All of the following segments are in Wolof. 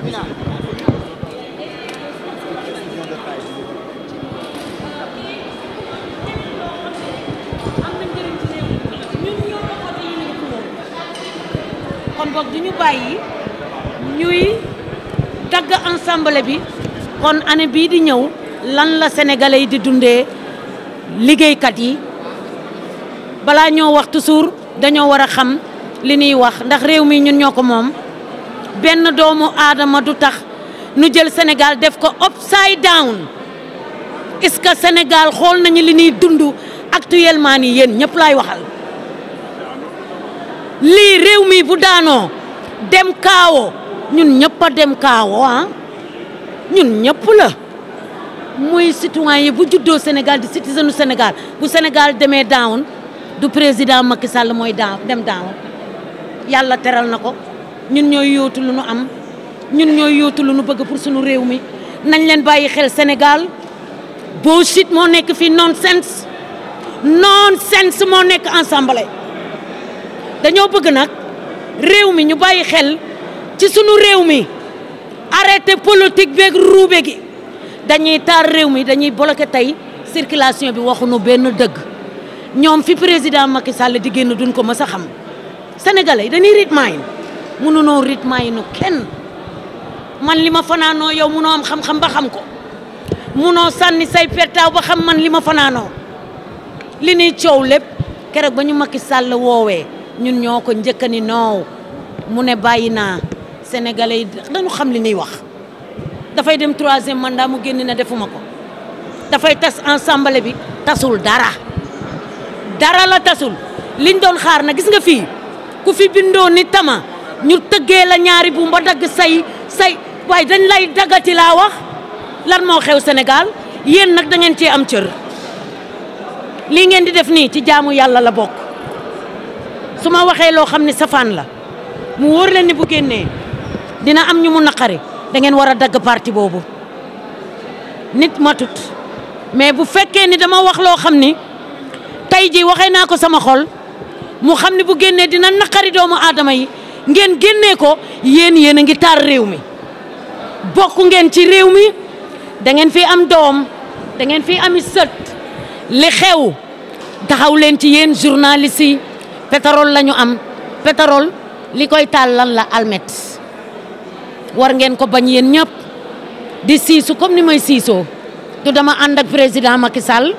kon boog du bàyyi ñuy dagg ensemble bi kon ane bii di ñëw lan la sénégalais yi di dundee liggéeykat yi balaa ñoo wax toujours dañoo war a xam li nuy wax ndax réew mi ñun ñoo ko moom benn doomu aadama du tax nu jël senegal def ko upside down est-ce que Sénégal xool nañu li ñuy dund actuellement nii yéen ñëpp laay waxal lii réew mi bu daanoo dem kaawo ñun ñëpp dem kaawo ah ñun ñëpp la muy citoyen yi bu juddoo Sénégal di citizen du Sénégal bu senegal demee down du président Macky Sall mooy down dem down yàlla teral na ko ñun ñooy yóotu lu nu am ñun ñooy yóotu lu nu bëgg pour suñu réew mi nañ leen bàyyi xel senegal Sénégal bullshit moo nekk fii nonsense nonsense moo nekk ensemble dañoo bëgg nag réew mi ñu bàyyi xel ci sunu réew mi arrêté politique beeg ruube gi dañuy taar réew mi dañuy bloqué tey circulation bi waxu nu benn dëgg ñoom fi président Macky Sall di génn duñ ko mës a xam sénégalais dañuy rythme mënunoo rythme yi nu kenn man li ma fanaanoo yow munoo am xam-xam ba xam ko mënoo sànni say pertaaw ba xam man li ma fanaanoo li ñuy coow lépp keroog ba ñu Macky Sall woowee ñun ñoo ko njëkk ni noow mu ne bàyyi naa sénégalais yi dañu xam li ñuy wax dafay dem troisième mandat mu génn na defuma ko dafay tas ensemble bi tasul dara dara la tasul li doon xaar na gis nga fii ku fi bindoo ni tama ñu tëggee la ñaari bu mba dagg say say waaye dañ lay daggati laa wax lan moo xew Sénégal yéen nag dangeen ngeen cee am cër lii ngeen di def nii ci jaamu yàlla la bokk su ma waxee loo xam ne safaan la mu wóor leen ni bu génnee dina am ñu mu naqari da ngeen war a dagg parti boobu nit matut mais bu fekkee ni dama wax loo xam ni tey ji waxee naa ko sama xol mu xam ne bu génnee dina naqari doomu aadama yi ngeen génnee ko yéen yéen a ngi taar réew mi bokk ngeen ci réew mi da ngeen fi am doom da ngeen fi am sët li xew taxaw leen ci yéen journaliste yi pétrole la ñu am pétrole li koy taal lan la almet war ngeen ko bañ yéen ñëpp di siisu comme ni may siisoo du dama ànd ak président Macky Sall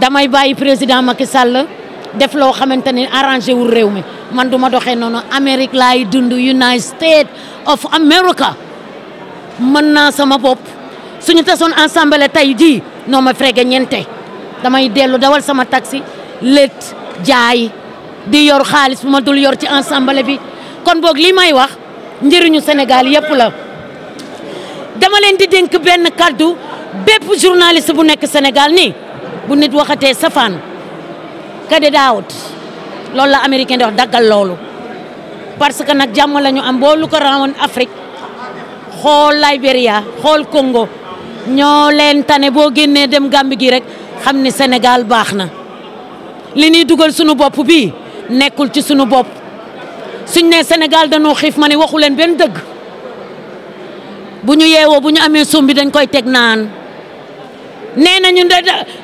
damay bàyyi président Macky Sall def loo xamante ni arrangé wul réew mi man du ma doxee noonu Amérique laay dund United States of America mën naa sama bopp suñu tasoon ensemble tey jii noo ma frege ñente damay dellu dawal sama taksi lét jaay di yor xaalis bu ma dul yor ci ensemble bi kon boog lii may wax njëriñu senegal yëpp la dama leen di dénk benn kàddu bépp journaliste bu nekk senegal nii bu nit waxatee safaan get it loolu la américain di wax daggal loolu parce que nag jàmm lañu am boo lu ko rawoon Afrique xool Liberia xool Congo ñoo leen tane boo génnee dem Gàmbi gi rek xam ni senegaal baax na li ñuy dugal suñu bopp bii nekkul ci suñu bopp suñ ne Sénégal dañoo xiif ma ne waxu leen benn dëgg bu ñu yeewoo bu ñu amee sum bi dañ koy teg naan nee nañu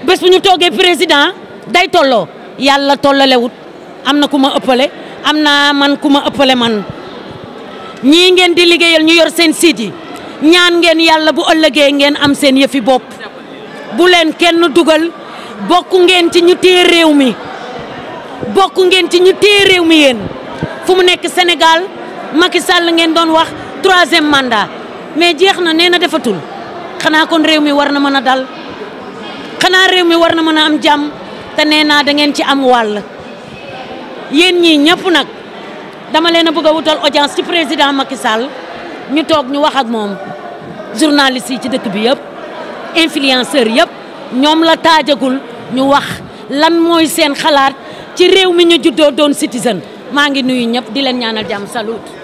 bés bu ñu toogee président day tolloo yàlla tollalewut am na ku ma ëppale am na man ku ma ëppale man ñii ngeen di liggéeyal ñu yor seen siit yi ñaan ngeen yàlla bu ëllëgee ngeen am seen yëfi bopp bu leen kenn dugal bokk ngeen ci ñu téye réew mi bokk ngeen ci ñu téye réew mi fu mu nekk Sénégal Macky Sall ngeen doon wax troisième mandat mais jeex na nee na defatul xanaa kon réew mi war na mën a dal xanaa réew mi war na mën a am jàmm te nee naa da ci am wàll yéen ñii ñëpp nag dama leen a bëgg a wutal audience ci président Macky ñu toog ñu wax ak moom journaliste ci dëkk bi yëpp influenceur yëpp ñoom la taajagul ñu wax lan mooy seen xalaat ci réew mi ñu juddoo doon citizen maa ngi nuyu ñëpp di leen ñaanal jàmm salut